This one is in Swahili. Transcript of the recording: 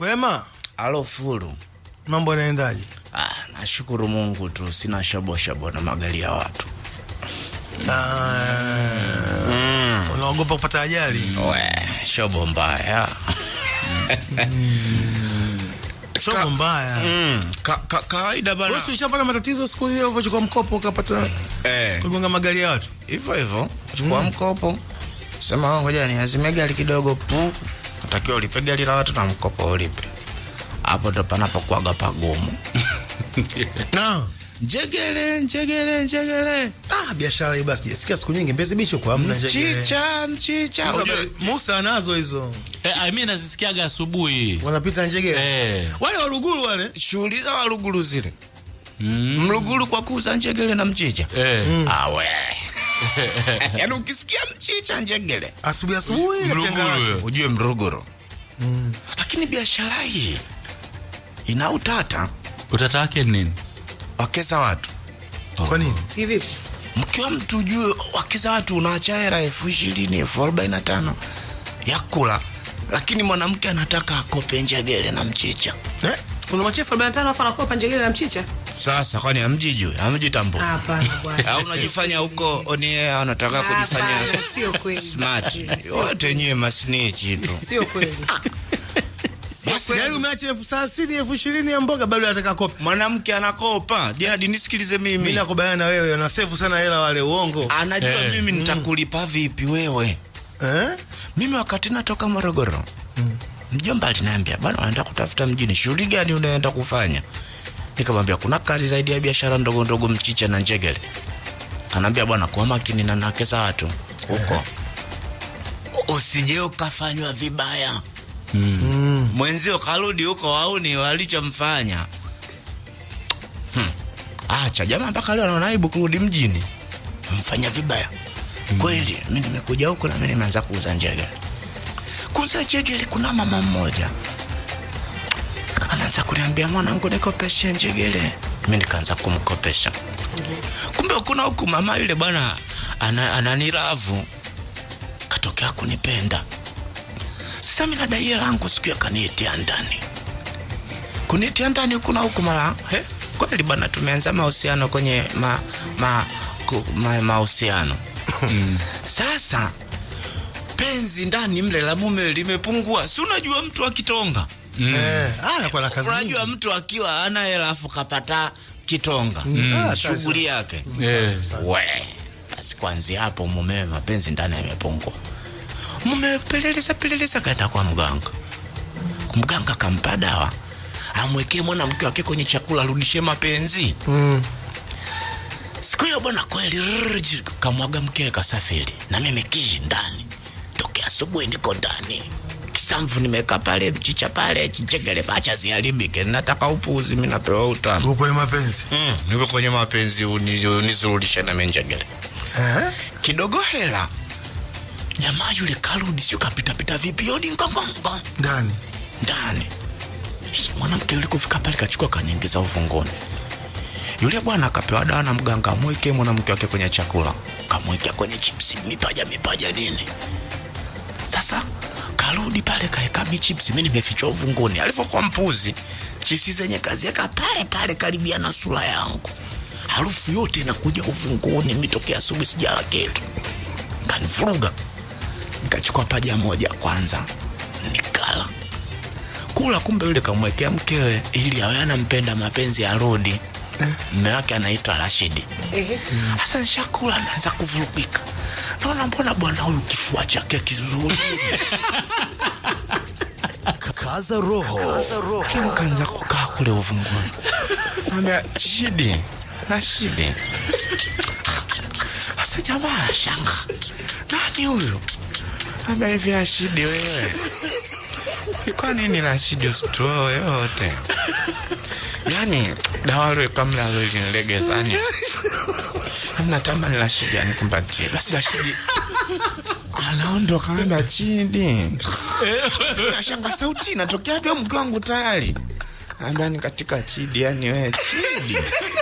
Kwema? Alo Fulu, mambo yanaendaje? Ah, nashukuru Mungu tu, sina shabo shabo na magari ya watu. Ah. Mm. Unaogopa kupata ajali? We, shobo mbaya mm. shobo mbaya mm, kawaida bana. Wewe ushapata matatizo siku hiyo ulivyochukua mkopo ukapata eh, kugonga magari ya watu hivyo hivyo? Chukua mm. mkopo, sema oh, ngoja niazime gari kidogo pu natakiwa ulipe gari la watu na mkopo ulipe. Hapo ndo panapokuaga pagumu. no. Njegele, njegele, njegele. Ah, biashara hii basi Sikia siku nyingi Mbezi Beach kwa amna njegele. Mchicha, mchicha. Musa anazo hizo. Eh, I mean nazisikiaga asubuhi. Wanapita njegele. Eh. Wale waruguru wale. Shughuli za waruguru zile. Mm. Mruguru kwa kuuza njegele na mchicha. Eh. Mm. Awe. ah, yaani ukisikia mchicha njegele asubuhi asubuhi natenga ujue mruguru mm. Lakini biashara hii ina utata. Utata wake ni nini? Wakeza watu. oh. Kwa nini? hivi Mkiwa mtu ujue wakeza watu unaacha hela elfu ishirini elfu arobaini na tano ya kula, lakini mwanamke anataka akope njegele na mchicha eh? Unamwachia elfu arobaini na tano afu anakopa njegele na mchicha sasa kwani amji juu tambo? Hapana bwana, au unajifanya huko on air anataka kujifanya sio kweli smart. Wote nyewe masnitch tu, sio kweli basi gari yaani umeacha elfu thelathini elfu ishirini ya mboga bado anataka kopa. Mwanamke anakopa. Dia nisikilize mimi. Mimi nakubaliana na wewe, na sefu sana hela wale uongo. Anajua eh, mimi mm. nitakulipa vipi wewe? Eh? Mimi wakati natoka Morogoro. Mm. Mjomba alinambia, bwana anaenda kutafuta mjini. Shughuli gani unaenda kufanya? nikamwambia kuna kazi zaidi ya biashara ndogo ndogo mchicha na njegele anaambia bwana kwa makini na nake nakeza watu huko usije ukafanywa vibaya mm. mwenzio karudi huko wauni walichomfanya hmm. acha jamaa mpaka leo anaona aibu kurudi mjini mfanya vibaya mm. kweli mi nimekuja huko na mi nimeanza kuuza njegele kuuza njegele kuna mama mmoja anaanza kuniambia mwanangu, nikopeshe njegele. Mimi nikaanza kumkopesha, kumbe kuna huku mama yule bwana ananiravu katokea kunipenda. Sasa mimi nadai langu, siku hiyo kaniitia ndani, kuniitia ndani huku na huku mara eh, kweli bwana, tumeanza mahusiano kwenye ma, ma, ma, mahusiano hmm. sasa penzi ndani mle la mume limepungua, si unajua mtu akitonga Mm. Eh, ah, Unajua mtu akiwa ana hela afu kapata kitonga. Mm. Ah, mm. Shughuli yake. Eh. Basi kwanzia hapo mumewe mapenzi ndani yamepungua. Mumewe peleleza peleleza kaenda kwa mganga. Mganga kampa dawa. Amwekee mwanamke wake kwenye chakula arudishe mapenzi. Mm. Siku hiyo bwana kweli kamwaga mkewe kasafiri na mimi kiji ndani. Tokea asubuhi niko ndani samfu nimeka pale mchicha pale chichegele bacha zialimike Nataka upuzi mimi napewa utano. Upo mapenzi? Mm, niko kwenye mapenzi unizurudisha na menjegele. Eh? Kidogo hela. Jamaa yule karudi sio kapita pita vipi? yoni ngongongo Ndani. Ndani. Mwanamke yule kufika pale kachukua kanyingiza ufungoni. Yule bwana akapewa dawa na mganga, mweke mwanamke wake kwenye chakula, kamweke kwenye chipsi, mipaja mipaja nini. Sasa Karudi pale kaeka chips, mi nimefichwa uvunguni. Alivyokuwa mpuzi, chips zenye kazi yaka pale pale karibia na sura yangu. Harufu yote inakuja uvunguni, mitokea asubuhi sijala kitu. Kanifuruga. Nikachukua paja moja kwanza. Nikala. Kula kumbe yule kamwekea mkewe ili awe anampenda mapenzi ya Rudi. Eh? Mme wake anaitwa Rashidi. Eh? Sasa nishakula naanza kuvurugika. Mbona mbona bwana huyu kifua chake kizuri kaza roho kanza kukaa kule uvunguni ana shidi na shidi Asa jamaa shanga nani huyu Ana hivi na shidi wewe kwa nini na shidi usitoe yote yani ile kamla lolinlegesanya natamani Rashidi anikumbatie. Basi Rashidi anaondoka, naambia Chidi, nashanga sauti natokea pia mke wangu tayari, ambani katika Chidi, yani we Chidi